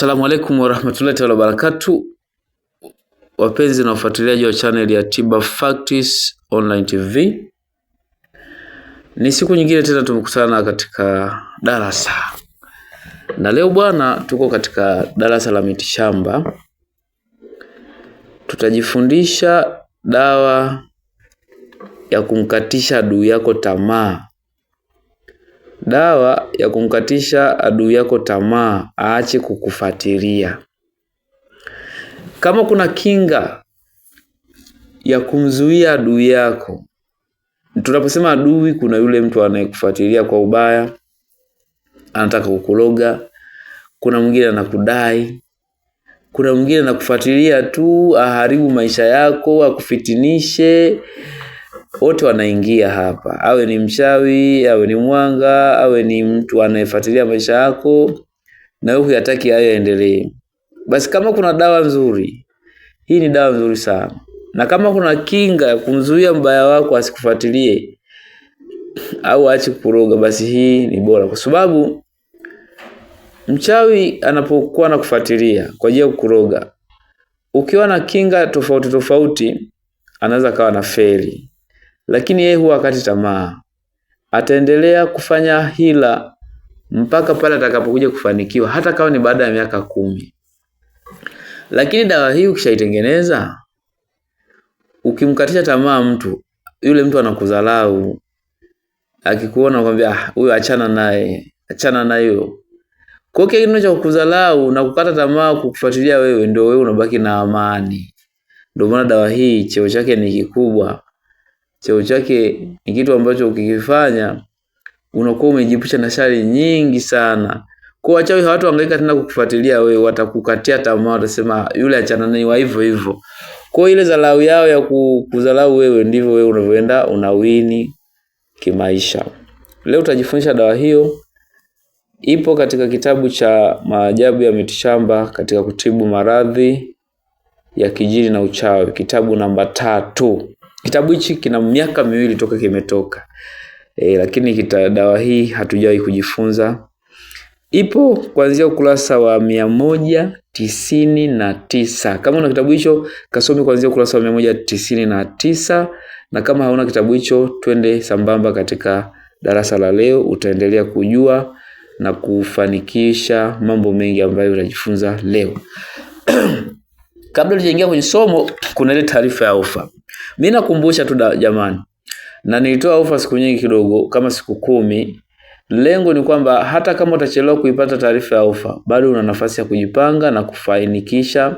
Assalamu alaikum warahmatullahi wa barakatuh, wapenzi na wafuatiliaji wa channel ya Tiba Facts Online TV. Ni siku nyingine tena tumekutana katika darasa, na leo bwana, tuko katika darasa la mitishamba. Tutajifundisha dawa ya kumkatisha adui yako tamaa Dawa ya kumkatisha adui yako tamaa aache kukufuatilia. Kama kuna kinga ya kumzuia adui yako, tunaposema adui, kuna yule mtu anayekufuatilia kwa ubaya, anataka kukuloga, kuna mwingine anakudai, kuna mwingine anakufuatilia tu aharibu maisha yako, akufitinishe wote wanaingia hapa, awe ni mchawi, awe ni mwanga, awe ni mtu anayefuatilia maisha yako na wewe huyataki hayo yaendelee, basi kama kuna dawa nzuri, hii ni dawa nzuri sana, na kama kuna kinga ya kumzuia mbaya wako asikufuatilie au aache kukuroga, basi hii ni bora, kwa sababu mchawi anapokuwa kufuatilia kwa ajili ya kukuroga, ukiwa na kinga tofauti tofauti, anaweza akawa na feli lakini yeye huwa akati tamaa. Ataendelea kufanya hila mpaka pale atakapokuja kufanikiwa, hata kama ni baada ya miaka kumi. Lakini dawa hii ukishaitengeneza, ukimkatisha tamaa mtu yule, mtu anakudharau akikuona, nakwambia ah, huyo achana naye, achana na hiyo kwa kile kinacho kukudharau na kukata tamaa kukufuatilia wewe, ndio wewe unabaki na amani. Ndio maana dawa hii cheo chake ni kikubwa cheo chake ni kitu ambacho ukikifanya unakuwa umejiepusha na shari nyingi sana. Kwa wachawi angaika tena kukufuatilia wewe, watakukatia tamaa, watasema yule achana naye wa hivyo hivyo. Kwa ile dharau yao ya kudharau wewe ndivyo wewe unavyoenda unawini kimaisha. Leo utajifunza dawa hiyo ipo katika kitabu cha Maajabu ya Mitishamba katika kutibu maradhi ya kijini na uchawi, kitabu namba tatu. Kitabu hichi kina miaka miwili toka kimetoka e, lakini kita dawa hii hatujawahi kujifunza. Ipo kuanzia ukurasa wa mia moja tisini na tisa. Kama una kitabu hicho kasome kuanzia ukurasa wa mia moja tisini na tisa, na kama hauna kitabu hicho twende sambamba katika darasa la leo, utaendelea kujua na kufanikisha mambo mengi ambayo utajifunza leo. Kabla tujaingia kwenye somo, kuna ile taarifa ya ofa. Mimi nakumbusha tu jamani, na nilitoa ofa siku nyingi kidogo, kama siku kumi. Lengo ni kwamba hata kama utachelewa kuipata taarifa ya ofa, bado una nafasi ya kujipanga na kufainikisha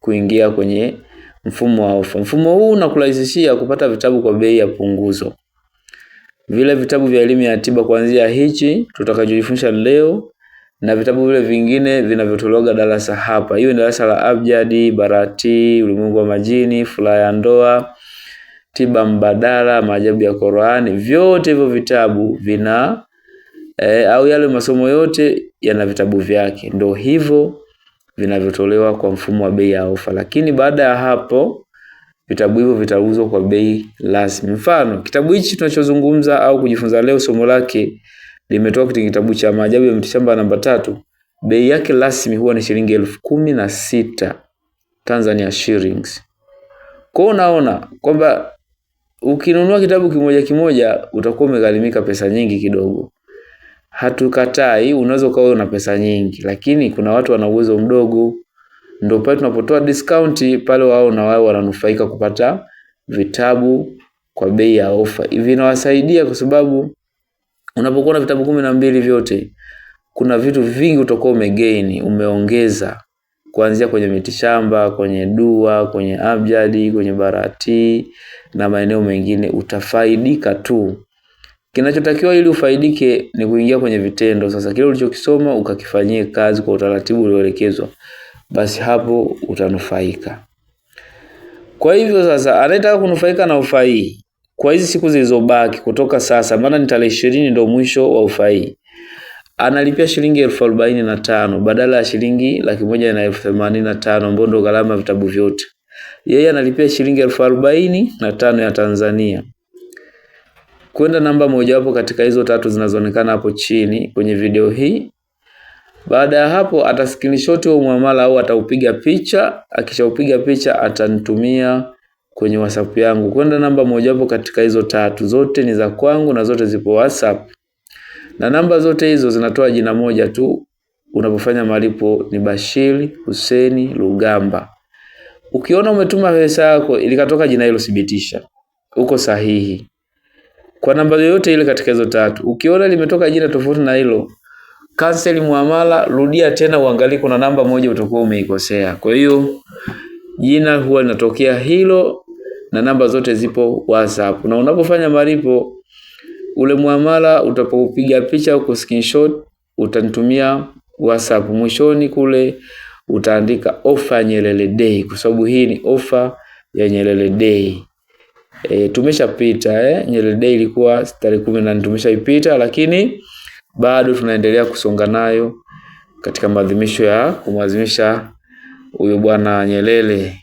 kuingia kwenye mfumo wa ofa. Mfumo huu unakurahisishia kupata vitabu kwa bei ya punguzo. Vile vitabu vya elimu ya tiba kuanzia hichi tutakachojifunza leo na vitabu vile vingine vinavyotolewaga darasa hapa. Hiyo ni darasa la abjadi, barati, ulimwengu wa majini, furaha ya ndoa, tiba mbadala, maajabu ya Qur'ani. Vyote hivyo vitabu vina eh, au yale masomo yote yana vitabu vyake, ndio hivyo vinavyotolewa kwa mfumo wa bei ya ofa. Lakini baada ya hapo vitabu hivyo vitauzwa kwa bei rasmi. Mfano, kitabu hichi tunachozungumza au kujifunza leo somo lake limetoka katika kitabu cha maajabu ya mitishamba namba tatu. Bei yake rasmi huwa ni shilingi elfu kumi na sita Tanzania shillings. Kwa unaona kwamba ukinunua kitabu kimoja kimoja utakuwa umegharimika pesa nyingi kidogo. Hatukatai, unaweza ukawa una pesa nyingi, lakini kuna watu wana uwezo mdogo, ndio pale tunapotoa discount pale, wao na wao wananufaika kupata vitabu kwa bei ya ofa. Hivi inawasaidia kwa sababu Unapokuwa na vitabu kumi na mbili vyote, kuna vitu vingi utakuwa umegain, umeongeza kuanzia kwenye mitishamba, kwenye dua, kwenye abjadi, kwenye barati na maeneo mengine, utafaidika tu. Kinachotakiwa ili ufaidike ni kuingia kwenye vitendo. Sasa kile ulichokisoma ukakifanyie kazi kwa utaratibu ulioelekezwa, basi hapo utanufaika. Kwa hivyo sasa, anayetaka kunufaika na ufaii kwa hizi siku zilizobaki kutoka sasa, maana ni tarehe ishirini ndio mwisho wa ufai, analipia shilingi elfu arobaini na tano badala ya shilingi laki moja na elfu themanini na tano ambayo ndio gharama ya vitabu vyote. Yeye analipia shilingi elfu arobaini na tano ya Tanzania kwenda namba mojawapo katika hizo tatu zinazoonekana hapo chini kwenye video hii. Baada ya hapo, ataskrinshoti huo muamala au ataupiga picha. Akishaupiga picha, atanitumia kwenye WhatsApp yangu. Kwenda namba mojawapo katika hizo tatu, zote ni za kwangu na zote zipo WhatsApp. Na namba zote hizo zinatoa jina moja tu unapofanya malipo ni Bashiri Hussein Lugamba. Ukiona umetuma pesa yako ilikatoka jina hilo, thibitisha uko sahihi kwa namba yoyote ile katika hizo tatu. Ukiona limetoka jina tofauti na hilo, cancel muamala, rudia tena uangalie kuna namba moja utakuwa umeikosea. Kwa hiyo jina huwa linatokea hilo na namba zote zipo WhatsApp. Na unapofanya malipo ule muamala utapopiga picha au screenshot utanitumia WhatsApp. Mwishoni kule utaandika ofa Nyerere Day kwa sababu hii ni ofa ya Nyerere Day. E, tumeshapita eh, Nyerere Day ilikuwa tarehe 14 tumeshaipita, lakini bado tunaendelea kusonga nayo katika maadhimisho ya kumwadhimisha huyo bwana Nyerere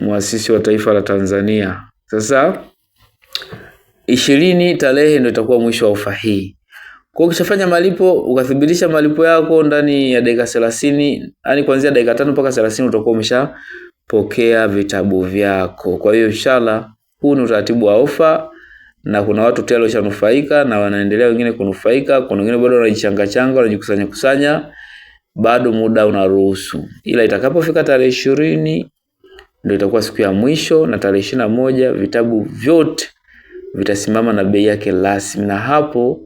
mwasisi wa taifa la Tanzania. Sasa ishirini tarehe ndio itakuwa mwisho wa ofa hii. Kwa ukishafanya malipo ukathibitisha malipo yako ndani ya dakika 30, yani kuanzia dakika tano mpaka 30 utakuwa umeshapokea vitabu vyako. Kwa hiyo inshallah huu ni utaratibu wa ofa na kuna watu tayari washanufaika na wanaendelea wengine kunufaika, kuna wengine bado wanajichanga changa, wanajikusanya kusanya, bado muda unaruhusu. Ila itakapofika tarehe ishirini ndio itakuwa siku ya mwisho, na tarehe ishirini na moja vitabu vyote vitasimama na bei yake rasmi, na hapo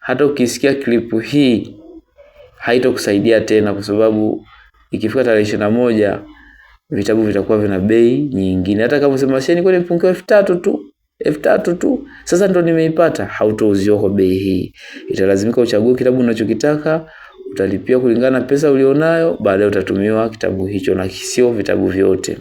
hata ukisikia klipu hii haitokusaidia tena, kwa sababu ikifika tarehe ishirini na moja vitabu vitakuwa vina bei nyingine. Hata kama usema sheni kwani nimepungukiwa elfu tatu tu elfu tatu tu, sasa ndo nimeipata, hautouziwa kwa bei hii. Italazimika uchague kitabu unachokitaka utalipia kulingana pesa ulionayo, baadaye utatumiwa kitabu hicho na sio vitabu vyote.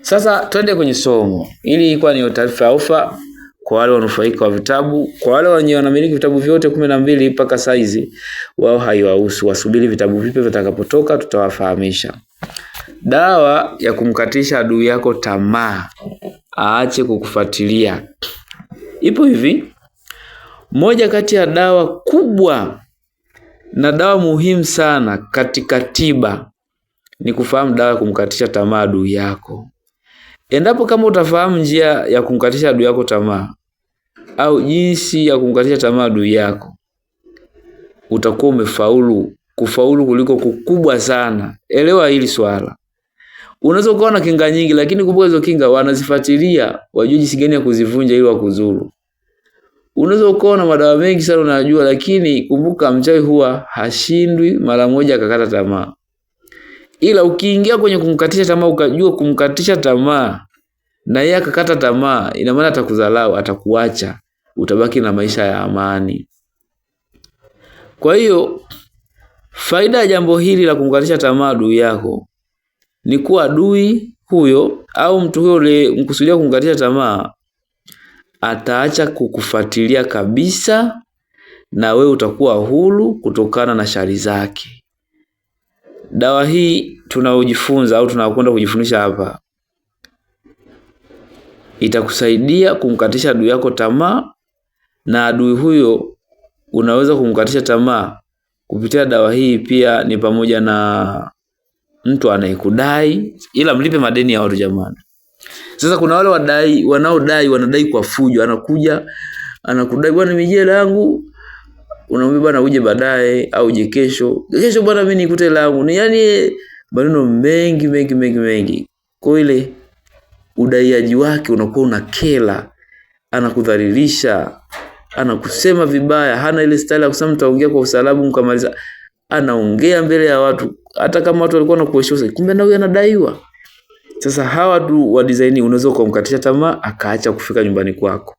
Sasa twende kwenye somo. ili ilikuwa ni taarifa ya ofa kwa wale wanufaika wa vitabu. Kwa wale wenye wanamiliki vitabu vyote kumi na mbili mpaka saizi, wao haiwahusu, wasubiri vitabu vipya vitakapotoka, tutawafahamisha. Dawa ya kumkatisha adui yako tamaa aache kukufuatilia ipo hivi. Moja kati ya dawa kubwa na dawa muhimu sana katika tiba ni kufahamu dawa ya kumkatisha tamaa adui yako. Endapo kama utafahamu njia ya kumkatisha adui yako tamaa au jinsi ya kumkatisha tamaa adui yako, utakuwa umefaulu, kufaulu kuliko kukubwa sana. Elewa hili swala. Unaweza ukawa na kinga nyingi, lakini kumbuka hizo kinga wanazifuatilia, wajue jinsi gani ya kuzivunja ili wakuzuru. Unaweza ukawa na madawa mengi sana unajua, lakini kumbuka, mchawi huwa hashindwi mara moja akakata tamaa, ila ukiingia kwenye kumkatisha tamaa, ukajua kumkatisha tamaa na yeye akakata tamaa, ina maana atakudhalau, atakuacha, utabaki na maisha ya amani. Kwa hiyo faida ya jambo hili la kumkatisha tamaa adui yako ni kuwa adui huyo au mtu huyo mkusudia kumkatisha tamaa ataacha kukufuatilia kabisa, na we utakuwa huru kutokana na shari zake. Dawa hii tunayojifunza au tunakwenda kujifundisha hapa itakusaidia kumkatisha adui yako tamaa, na adui huyo unaweza kumkatisha tamaa kupitia dawa hii. Pia ni pamoja na mtu anayekudai, ila mlipe madeni ya watu jamani. Sasa kuna wale wadai wanaodai wanadai kwa fujo, anakuja anakudai, bwana, nimejia hela yangu, unamwambia bwana, uje baadaye au je kesho. Kesho bwana, mimi nikute hela yangu. Ni yani maneno mengi mengi mengi mengi, kwa ile udaiaji wake unakuwa unakela, anakudhalilisha, anakusema vibaya, hana ile style ya kusema mtaongea kwa usalabu mkamaliza. Anaongea mbele ya watu, hata kama watu walikuwa wanakuheshimu, kumbe na huyu anadaiwa. Sasa hawa tu wa design unaweza kumkatisha tamaa akaacha kufika nyumbani kwako.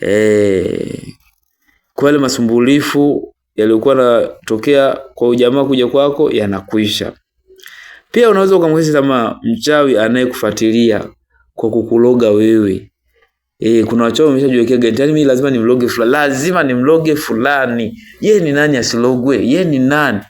Eh, kwa ile masumbulifu yaliyokuwa yanatokea kwa ujamaa kuja kwako yanakwisha. Pia unaweza ukamkatisha tamaa mchawi anayekufuatilia kwa kukuloga wewe. E, kuna wachawi wameshajiwekea gani? yaani mimi lazima nimloge fulani, lazima nimloge fulani. Ye ni nani asilogwe? Ye ni nani?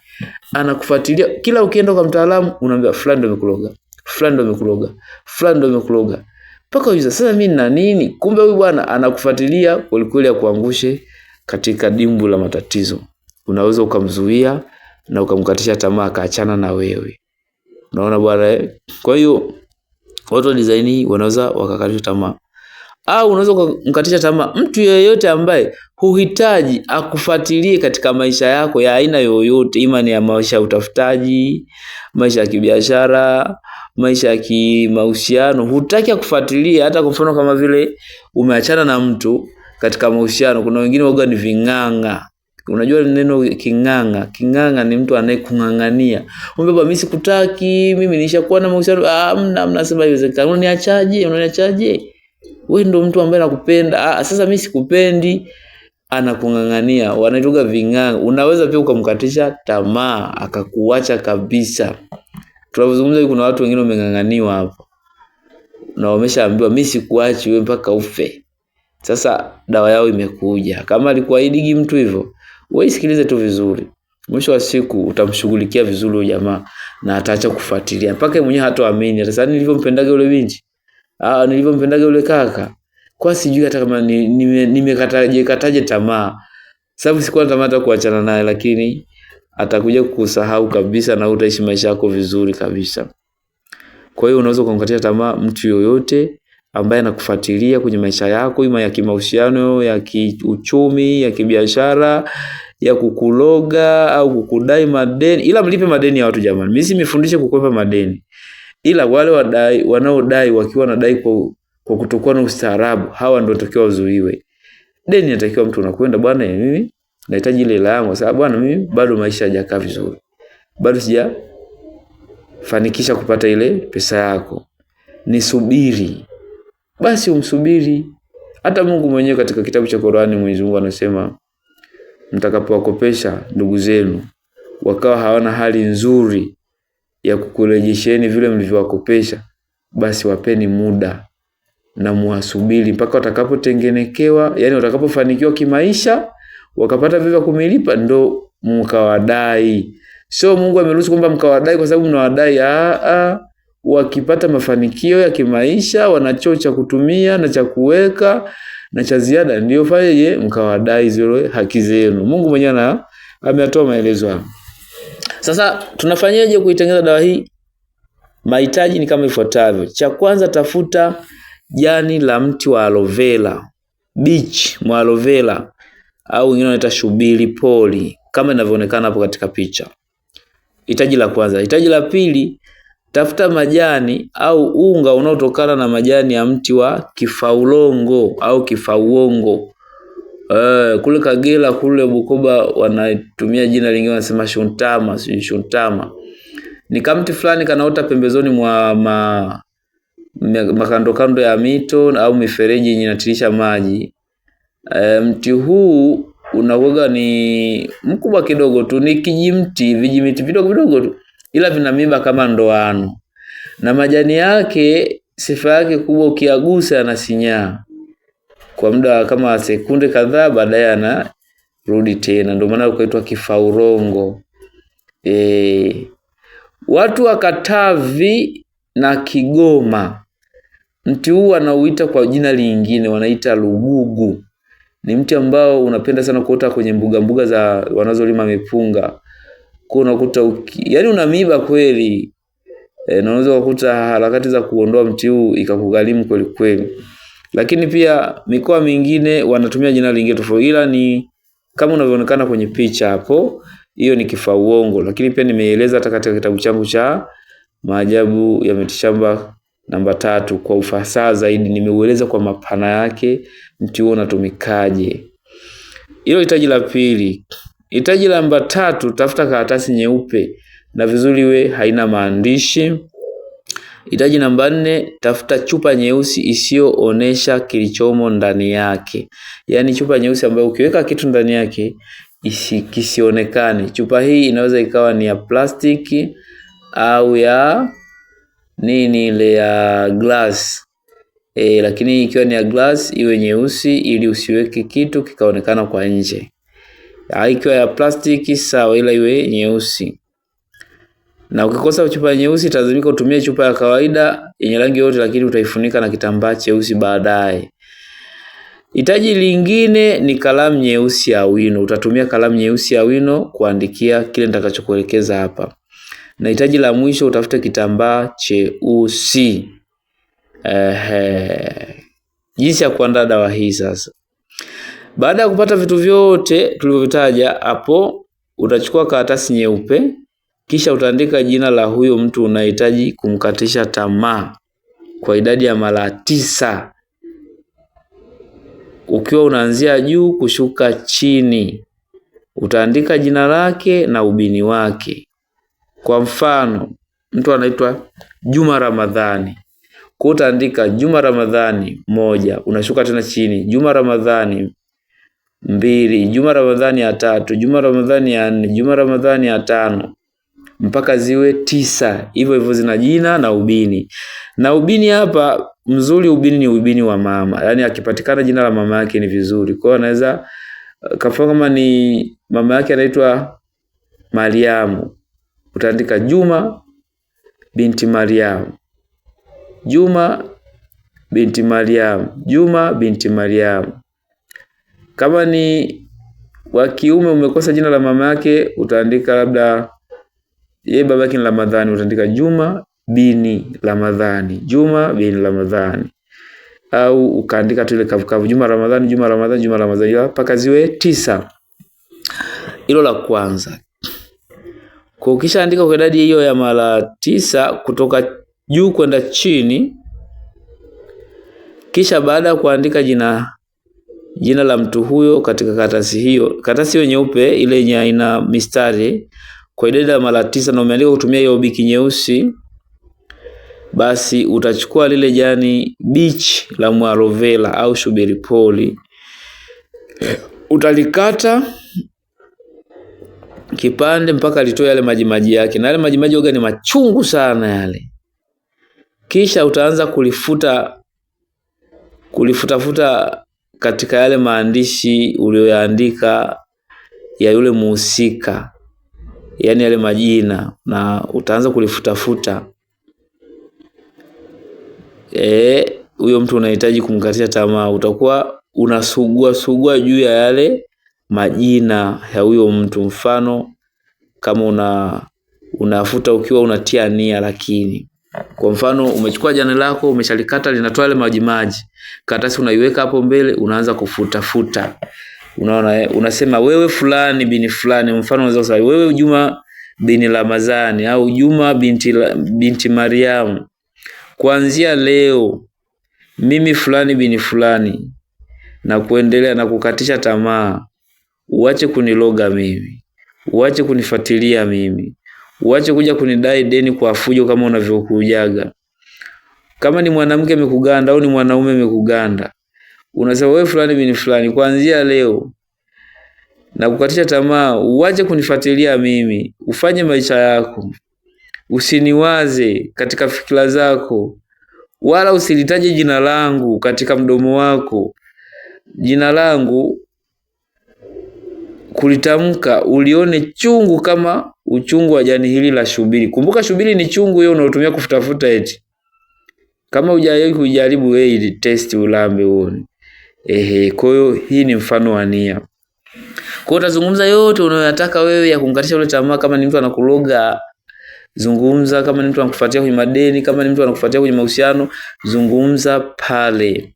Anakufuatilia kila ukienda kwa mtaalamu unaambia fulani ndio amekuloga fulani ndo amekuloga, fulani ndo amekuloga mpaka ujuza. Sasa mimi na nini? Kumbe huyu bwana anakufuatilia kwelikweli, akuangushe katika dimbu la matatizo. Unaweza ukamzuia na ukamkatisha tamaa, akaachana na wewe. Unaona bwana. eh? Kwa hiyo watu wa design hii wanaweza wakakatisha tamaa au unaweza ukamkatisha tamaa mtu yeyote ambaye huhitaji akufuatilie katika maisha yako ya aina yoyote, ima ni ya maisha ya utafutaji, maisha ya kibiashara, maisha ya kimahusiano hutaki kufuatilia, hata kwa mfano kama vile umeachana na mtu katika mahusiano, kuna wengine waga ni ving'ang'a. Unajua neno king'ang'a, king'ang'a ni mtu anayekung'ang'ania. Kumbe baba, mimi sikutaki, mimi nishakuwa na mahusiano. Ah, mna mnasema haiwezekani. Unaniachaje? Unaniachaje? Wewe ndio mtu ambaye nakupenda. Ah, sasa mimi sikupendi. Anakung'ang'ania, wanaitwa ving'ang'a. Unaweza pia ukamkatisha tamaa akakuacha kabisa. Tunavyozungumza kuna watu wengine wameng'ang'aniwa hapo na wameshaambiwa mimi sikuachi wewe mpaka ufe. Sasa dawa yao imekuja. Kama alikuahidigi mtu hivyo, wewe isikilize tu vizuri. Mwisho wa siku utamshughulikia vizuri huyo jamaa na ataacha kufuatilia. Mpaka mwenyewe hataamini. Sasa nilivyompendaga yule binti. Ah, nilivyompendaga yule kaka. Kwa sijui hata kama nimekataje ni, ni kataje tamaa. Sababu sikuwa tamaa hata kuachana naye lakini atakuja kukusahau kabisa na utaishi maisha yako vizuri kabisa. Kwa hiyo unaweza kumkatia tamaa mtu yoyote ambaye anakufuatilia kwenye maisha yako, ima ya kimahusiano, ya kiuchumi, ya kibiashara, ya kukuloga au kukudai madeni, ila mlipe madeni ya watu jamani. Mimi simifundishe kukwepa madeni, ila wale wadai, wanaodai wakiwa wanadai kwa, kwa kutokuwa na ustaarabu, hawa ndio watakiwa wazuiwe. Deni natakiwa mtu unakwenda bwana, mimi nahitaji ile hela yangu, sababu bwana, mimi bado maisha hajakaa vizuri, bado sijafanikisha kupata ile pesa yako, nisubiri. Basi umsubiri. Hata Mungu mwenyewe katika kitabu cha Qur'ani, Mwenyezi Mungu anasema mtakapowakopesha ndugu zenu wakawa hawana hali nzuri ya kukurejesheni vile mlivyowakopesha, basi wapeni muda na muwasubiri mpaka watakapotengenekewa, yani watakapofanikiwa kimaisha wakapata vya kumilipa, ndo mkawadai. Sio Mungu ameruhusu kwamba mkawadai kwa sababu mnawadai. Ah, wakipata mafanikio ya kimaisha wanacho cha kutumia na cha kuweka na cha ziada, ndio fanyeje, mkawadai zile haki zenu. Mungu mwenyewe ameatoa maelezo hapo. Sasa tunafanyaje kuitengeneza dawa hii? Mahitaji ni kama ifuatavyo. Cha kwanza, tafuta jani la mti wa aloe vera beach mwa aloe vera au wengine wanaita shubiri poli kama inavyoonekana hapo katika picha. Hitaji la kwanza. Hitaji la pili, tafuta majani au unga unaotokana na majani ya mti wa kifaulongo au kifauongo. Uh, kule Kagera kule Bukoba wanatumia jina lingine wanasema shuntama, sijui shuntama. Ni kamti fulani kanaota pembezoni mwa ma, makando ya mito au mifereji yenye inatirisha maji E, mti huu unakuwaga ni mkubwa kidogo tu, ni kijimti, vijimiti vidogo vidogo tu, ila vina miba kama ndoano, na majani yake sifa yake kubwa, ukiagusa anasinyaa kwa muda kama sekunde kadhaa, baadaye anarudi tena, ndio maana ukaitwa kifaurongo. E, watu wa Katavi na Kigoma mti huu wanauita kwa jina lingine, wanaita lugugu. Ni mti ambao unapenda sana kuota kwenye mbuga mbuga za wanazolima mipunga. Kwa unakuta uki... yani una miba kweli. E, na unaweza kukuta harakati za kuondoa mti huu ikakugharimu kweli kweli. Lakini pia mikoa mingine wanatumia jina lingine tofauti ila ni kama unavyoonekana kwenye picha hapo, hiyo ni uongo Lakini pia nimeeleza hata katika kitabu changu cha maajabu ya mitishamba Namba tatu, kwa ufasaha zaidi nimeueleza kwa mapana yake mti huo unatumikaje. Hilo hitaji la pili. Hitaji la namba tatu, tafuta karatasi nyeupe na vizuri we haina maandishi. Hitaji namba nne, tafuta chupa nyeusi isiyoonesha kilichomo ndani yake, yaani chupa nyeusi ambayo ukiweka kitu ndani yake isi, kisionekane. Chupa hii inaweza ikawa ni ya plastiki au ya nini ile ya glass e, lakini ikiwa ni ya glass iwe nyeusi ili usiweke kitu kikaonekana kwa nje. Ikiwa ya plastiki sawa, ila iwe nyeusi. Na ukikosa chupa nyeusi tazimika utumie chupa ya kawaida yenye rangi yote, lakini utaifunika na kitambaa cheusi baadaye. Hitaji lingine ni kalamu nyeusi ya wino. Utatumia kalamu nyeusi ya wino kuandikia kile nitakachokuelekeza hapa na hitaji la mwisho utafute kitambaa cheusi. Ehe. Jinsi ya kuandaa dawa hii sasa. Baada ya kupata vitu vyote tulivyotaja hapo, utachukua karatasi nyeupe, kisha utaandika jina la huyo mtu unahitaji kumkatisha tamaa kwa idadi ya mara tisa, ukiwa unaanzia juu kushuka chini. Utaandika jina lake na ubini wake. Kwa mfano, mtu anaitwa Juma Ramadhani. Kwa utaandika Juma Ramadhani moja, unashuka tena chini, Juma Ramadhani mbili, Juma Ramadhani ya tatu, Juma Ramadhani ya nne, Juma Ramadhani ya tano mpaka ziwe tisa. Hivyo hivyo zina jina na ubini. Na ubini hapa mzuri, ubini ni ubini wa mama, yaani akipatikana jina la mama yake ni vizuri. Kwa hiyo anaweza uh, kama ni mama yake anaitwa Mariamu, utaandika Juma binti Mariamu, Juma binti Mariamu, Juma binti Mariamu. Kama ni wa kiume umekosa jina la mama yake, utaandika labda ye baba yake ni Ramadhani, utaandika Juma bini Ramadhani, Juma bini Ramadhani, au ukaandika tu ile kavukavu Juma Ramadhani, Juma Ramadhani, Juma Ramadhani mpaka ziwe tisa. Hilo la kwanza. Kwa ukishaandika kwa idadi hiyo ya mara tisa kutoka juu kwenda chini, kisha baada ya kuandika jina jina la mtu huyo katika karatasi hiyo, karatasi hiyo nyeupe ile yenye ina mistari kwa idadi ya mara tisa, na umeandika kutumia hiyo biki nyeusi, basi utachukua lile jani bichi la mwarovela au shubiri poli, utalikata kipande mpaka alitoe yale majimaji yake, na yale majimaji oga ni machungu sana yale. Kisha utaanza kulifuta kulifutafuta katika yale maandishi uliyoyaandika ya yule muhusika, yaani yale majina, na utaanza kulifutafuta e, huyo e, mtu unahitaji kumkatia tamaa, utakuwa unasugua sugua juu ya yale majina ya huyo mtu. Mfano kama una unafuta ukiwa unatia nia, lakini kwa mfano umechukua jani lako umeshalikata linatoa yale maji maji, karatasi unaiweka hapo mbele, unaanza kufuta futa, unaona, eh, unasema wewe fulani bini fulani. Mfano unaweza kusema wewe Juma bini Ramadhani au Juma binti, binti Mariam, kuanzia leo mimi fulani bini fulani, na kuendelea na kukatisha tamaa uache kuniloga mimi, uache kunifuatilia mimi, uache kuja kunidai deni kwa fujo kama unavyokujaga. Kama ni mwanamke amekuganda au ni mwanaume amekuganda, unasema wewe fulani bin fulani, kuanzia leo na kukatisha tamaa, uache kunifuatilia mimi, ufanye maisha yako, usiniwaze katika fikira zako, wala usilitaje jina langu katika mdomo wako. Jina langu kulitamka ulione chungu kama uchungu wa jani hili la shubiri. Kumbuka shubiri ni chungu hiyo unaotumia kufutafuta eti. Kama hujawahi kujaribu wewe ili test ulambe uone. Ehe, kwa hiyo hii ni mfano wa nia. Kwa hiyo utazungumza yote unayotaka wewe ya kumkatisha ule tamaa kama ni mtu anakuloga zungumza, kama ni mtu anakufuatia kwenye madeni, kama ni mtu anakufuatia kwenye mahusiano, zungumza pale.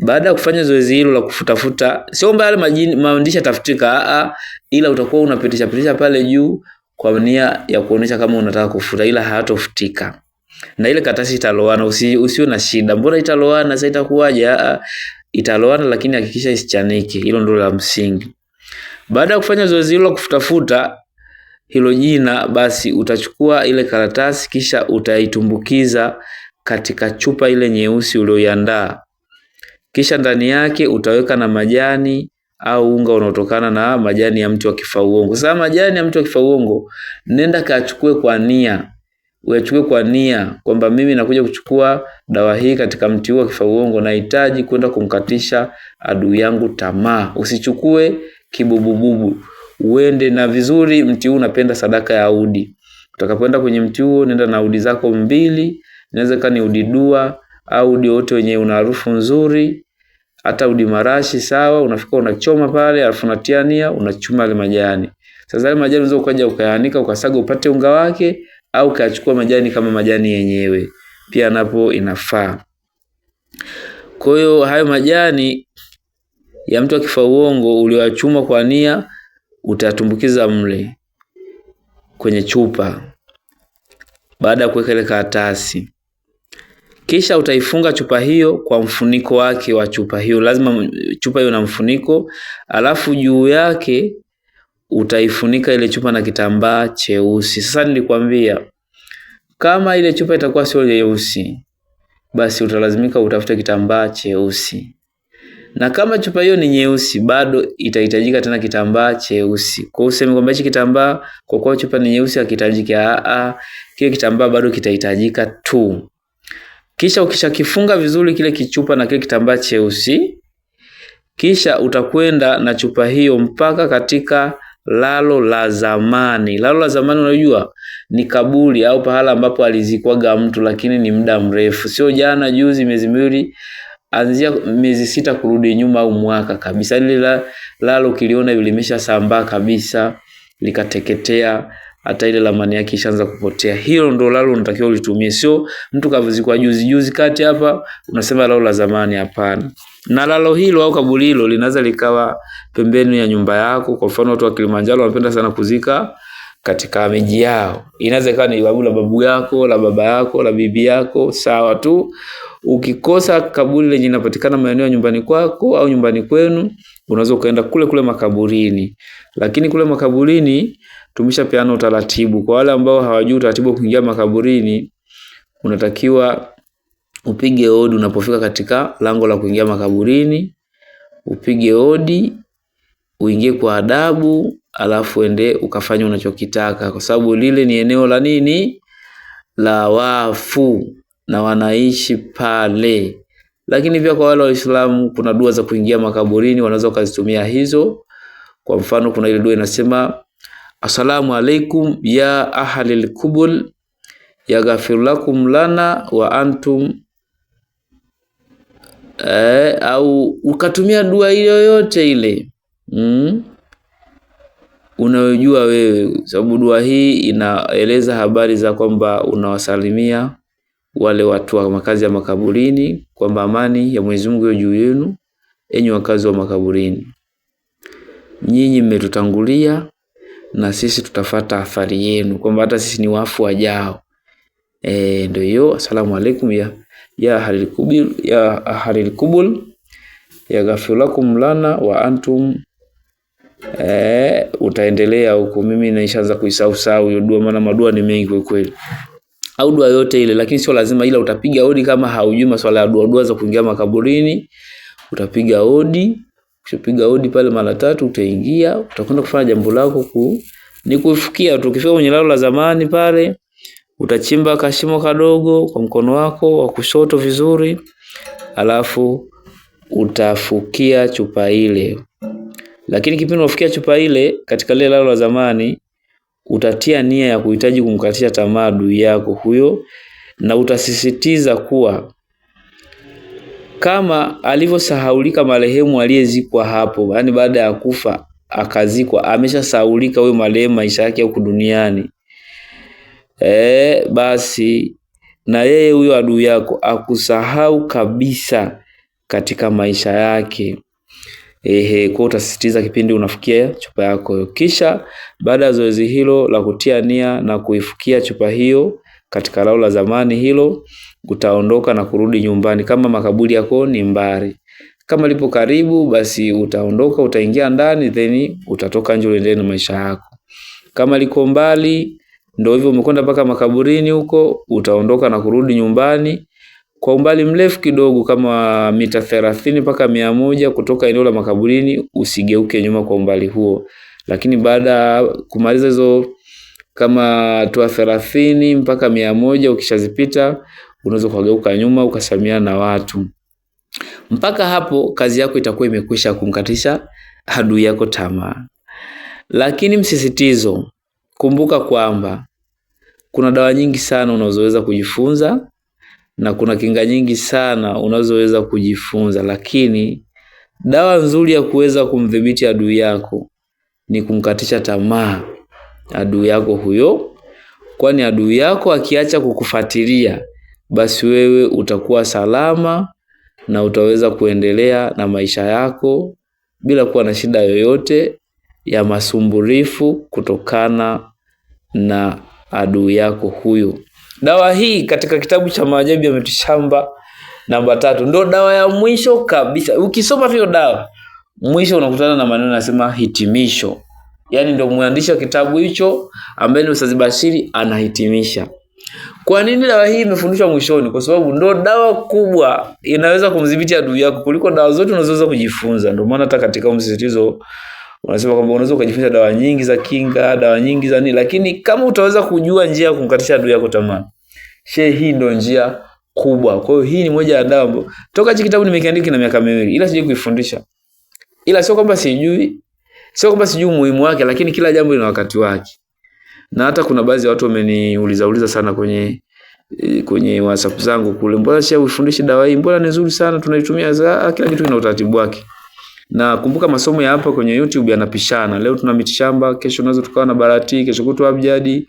Baada ya kufanya zoezi hilo la kufutafuta, sio mbaya yale majini maandishi yatafutika, a ila utakuwa unapitisha pitisha pale juu kwa nia ya kuonesha kama unataka kufuta, ila hayatofutika na ile karatasi italoana. Usi, usio na shida, mbona italoana? Sasa itakuwaje? Italoana, lakini hakikisha isichanike. Hilo ndilo la msingi. Baada ya kufanya zoezi hilo la kufutafuta hilo jina, basi utachukua ile karatasi kisha utaitumbukiza katika chupa ile nyeusi uliyoiandaa. Kisha ndani yake utaweka na majani au unga unaotokana na majani ya mti wa kifauongo. Sasa majani ya mti wa kifauongo nenda kachukue kwa nia, uyachukue kwa nia kwamba mimi nakuja kuchukua dawa hii katika mti huu wa kifauongo, nahitaji kwenda kumkatisha adui yangu tamaa. Usichukue kibubububu, uende na vizuri. Mti huu unapenda sadaka ya udi. Utakapoenda kwenye mti huo, nenda na udi zako mbili, inaweza ikawa ni udi dua au udi wote wenye una harufu nzuri, hata udi marashi sawa, unafika unachoma pale, alafu unatia nia, unachuma yale majani. Sasa yale majani unaweza ukaja ukayaanika, ukasaga upate unga wake, au ukachukua majani kama majani yenyewe, pia napo inafaa. Kwa hiyo hayo majani ya mtu akifa uongo ulioachuma kwa nia utatumbukiza mle kwenye chupa baada ya kuweka ile karatasi. Kisha utaifunga chupa hiyo kwa mfuniko wake wa chupa hiyo, lazima chupa hiyo na mfuniko, alafu juu yake utaifunika ile chupa na kitambaa cheusi. Sasa nilikwambia kama ile chupa itakuwa sio nyeusi, basi utalazimika utafute kitambaa cheusi, na kama chupa hiyo ni nyeusi, bado itahitajika tena kitambaa cheusi. Kwa hiyo useme kwamba hichi kitambaa kwa kuwa chupa ni nyeusi hakihitajiki. Kile kitambaa bado kitahitajika tu. Kisha ukishakifunga vizuri kile kichupa na kile kitambaa cheusi, kisha utakwenda na chupa hiyo mpaka katika lalo la zamani. Lalo la zamani, unajua ni kaburi au pahala ambapo alizikwaga mtu, lakini ni muda mrefu, sio jana juzi, miezi miwili anzia miezi sita kurudi nyuma au mwaka kabisa. Lile lalo ukiliona limeshasambaa kabisa, likateketea hata ile lamani yake ishaanza kupotea. Hilo ndio lalo unatakiwa ulitumie, sio mtu kavuzikwa juzi juzi kati hapa unasema lalo la zamani. Hapana. Na lalo hilo au kaburi hilo linaweza likawa pembeni ya nyumba yako. Kwa mfano, watu wa Kilimanjaro wanapenda sana kuzika katika miji yao. Inaweza ikawa ni babu la babu yako, la baba yako, la bibi yako, sawa tu. Ukikosa kaburi lenye linapatikana maeneo ya nyumbani kwako au nyumbani kwenu, unaweza ukaenda kule kule makaburini. Lakini kule makaburini tumeshapeana utaratibu. Kwa wale ambao hawajui utaratibu kuingia makaburini, unatakiwa upige hodi unapofika katika lango la kuingia makaburini, upige hodi, uingie kwa adabu, alafu ende ukafanya unachokitaka, kwa sababu lile ni eneo la nini, la wafu na wanaishi pale. Lakini pia kwa wale Waislamu kuna dua za kuingia makaburini, wanaweza wakazitumia hizo. Kwa mfano, kuna ile dua inasema Assalamu alaikum ya ahlil kubul yaghfir lakum lana wa antum eh, au ukatumia dua yoyote ile mm, unayojua wewe, sababu dua hii inaeleza habari za kwamba unawasalimia wale watu wa makazi ya makaburini, kwamba amani ya Mwenyezi Mungu juu yenu, enyi wakazi wa makaburini, nyinyi mmetutangulia na sisi tutafata athari yenu, kwamba hata sisi ni wafu wajao. E, ndio hiyo. Asalamu alaikum ya ya ahlil kubul ya ahlil kubul ya ghafirakum lana wa antum e, utaendelea huko. Mimi naishaanza kuisahau sahau hiyo dua, maana madua ni mengi kwa kweli, au dua yote ile, lakini sio lazima, ila utapiga hodi kama haujui masuala ya dua, dua za kuingia makaburini utapiga hodi ukipiga hodi pale mara tatu utaingia, utakwenda kufanya jambo lako ku ni kuifukia tu. Ukifika kwenye lalo la zamani pale utachimba kashimo kadogo kwa mkono wako wa kushoto vizuri, alafu utafukia chupa ile. Lakini kipindi unafukia chupa ile katika lile lalo la zamani, utatia nia ya kuhitaji kumkatisha tamaa adui yako huyo, na utasisitiza kuwa kama alivyosahaulika marehemu aliyezikwa hapo, yaani baada ya kufa akazikwa, ameshasahaulika huyo marehemu maisha yake huku duniani e, basi na yeye huyo adui yako akusahau kabisa katika maisha yake. Ehe, kwa utasisitiza kipindi unafukia chupa yako, kisha baada ya zoezi hilo la kutia nia na kuifukia chupa hiyo katika lao la zamani hilo utaondoka na kurudi nyumbani. Kama makaburi yako ni mbali, kama lipo karibu, basi utaondoka utaingia ndani, then utatoka nje uendelee na maisha yako. Kama liko mbali, ndio hivyo, umekwenda mpaka makaburini huko, utaondoka na kurudi nyumbani. Kwa umbali mrefu kidogo, kama mita thelathini mpaka mia moja kutoka eneo la makaburini, usigeuke nyuma kwa umbali huo. Lakini baada ya kumaliza hizo kama hatua thelathini mpaka mia moja ukishazipita unaweza kugeuka nyuma ukasalimiana na watu. Mpaka hapo kazi yako itakuwa imekwisha kumkatisha adui yako tamaa. Lakini msisitizo, kumbuka kwamba kuna dawa nyingi sana unazoweza kujifunza na kuna kinga nyingi sana unazoweza kujifunza, lakini dawa nzuri ya kuweza kumdhibiti adui yako ni kumkatisha tamaa adui yako huyo, kwani adui yako akiacha kukufuatilia basi wewe utakuwa salama na utaweza kuendelea na maisha yako bila kuwa na shida yoyote ya masumburifu kutokana na adui yako huyu. Dawa hii katika kitabu cha maajabu ya mitishamba namba tatu ndio dawa ya mwisho kabisa. Ukisoma hiyo dawa mwisho unakutana na maneno yanasema hitimisho, yaani ndio mwandishi wa kitabu hicho ambaye ni Ustadh Bashiri anahitimisha kwa nini dawa hii imefundishwa mwishoni? Kwa sababu ndo dawa kubwa inaweza kumdhibiti adui yako kuliko dawa zote unazoweza kujifunza. Ndio maana hata katika msisitizo unasema kwamba unaweza kujifunza dawa nyingi za kinga, dawa nyingi za nini, lakini kama utaweza kujua njia ya kumkatisha adui yako tamaa, she hii ndo njia kubwa. Kwa hiyo hii ni moja ya dawa ambayo toka hiki kitabu nimekiandika na miaka miwili, ila sijui kuifundisha, ila sio kwamba sijui, sio kwamba sijui umuhimu wake, lakini kila jambo lina wakati wake na hata kuna baadhi ya watu wameniuliza uliza sana kwenye kwenye WhatsApp zangu kule, mbona sasa ufundishe dawa hii, mbona ni nzuri sana, tunaitumia za, ah, kila kitu kina utaratibu wake. Na kumbuka masomo ya hapa kwenye YouTube yanapishana. Leo tuna mitishamba, kesho unaweza tukawa na barati, kesho kutu abjadi,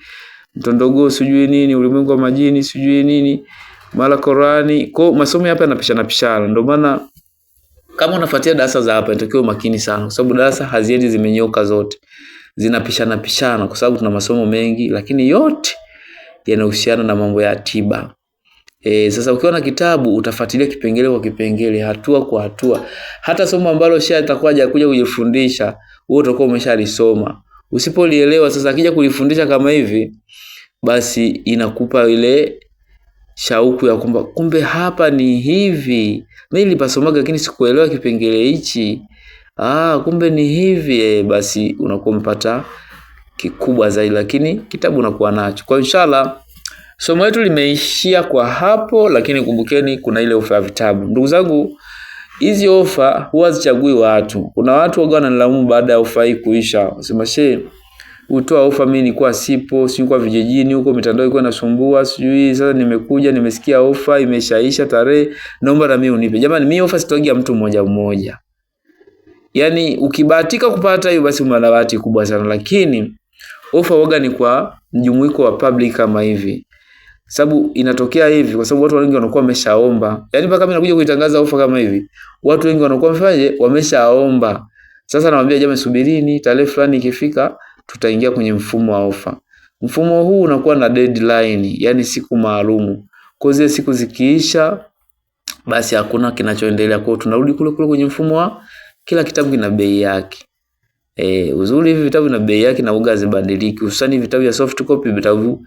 mtondogo sijui nini, ulimwengu wa majini sijui nini, mara Qurani. Kwa masomo hapa yanapishana pishana. Ndio maana kama unafuatia darasa za hapa, inatakiwa makini sana kwa sababu darasa haziendi zimenyoka zote zinapishana pishana, kwa sababu tuna masomo mengi, lakini yote yanahusiana na mambo ya tiba. E, sasa ukiwa na kitabu utafuatilia kipengele kwa kipengele, hatua kwa hatua. Hata somo ambalo Sheikh atakuwa hajakuja kujifundisha, wewe utakuwa umeshalisoma. Usipolielewa sasa, akija kulifundisha kama hivi, basi inakupa ile shauku ya kwamba kumbe hapa ni hivi, mimi nilipasomaga lakini sikuelewa kipengele hichi ah, kumbe ni hivi eh, basi unakuwa umepata kikubwa zaidi, lakini kitabu unakuwa nacho. Kwa inshallah somo letu limeishia kwa hapo, lakini kumbukeni kuna ile ofa ya vitabu. Ndugu zangu, hizi ofa huwa zichagui watu. Kuna watu waga wananilaumu baada ya ofa hii kuisha, wasema she utoa ofa, mimi nilikuwa sipo, si kwa vijijini huko, mitandao ilikuwa inasumbua, sijui sasa nimekuja, nimesikia ofa imeshaisha tarehe, naomba na mimi unipe. Jamani, mimi ofa sitogi mtu mmoja mmoja yani ukibahatika kupata hiyo basi una bahati kubwa sana, lakini ofa waga ni kwa mjumuiko wa public kama hivi, sababu inatokea hivi kwa sababu watu wengi wanakuwa wameshaomba. Yani mpaka mimi nakuja kuitangaza ofa kama hivi, watu wengi wanakuwa mfaje, wameshaomba. Sasa nawaambia jamani, subirini, tarehe fulani ikifika, tutaingia kwenye mfumo wa ofa. Mfumo huu unakuwa na deadline, yani siku maalum. Kwa zile siku zikiisha, basi hakuna kinachoendelea kwao, tunarudi kule kule kwenye mfumo wa kila kitabu kina bei yake. Eh, uzuri hivi vitabu na bei yake na uga zibadiliki. Hususan vitabu vya soft copy vitabu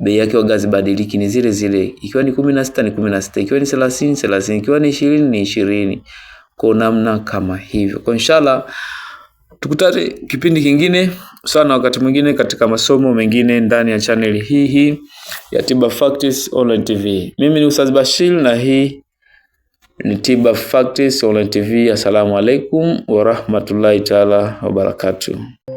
bei yake uga zibadiliki ni zile zile. Ikiwa ni 16 ni 16, ikiwa ni 30 30, ikiwa ni 20 ni 20. Kwa namna kama hivyo. Kwa inshallah tukutane kipindi kingine sana wakati mwingine katika masomo mengine ndani ya channel hii hii ya Tiba Facts Online TV. Mimi ni Ustaz Bashir na hii ni Tiba Facts Online TV. Assalamu alaikum warahmatullahi taala wabarakatuh.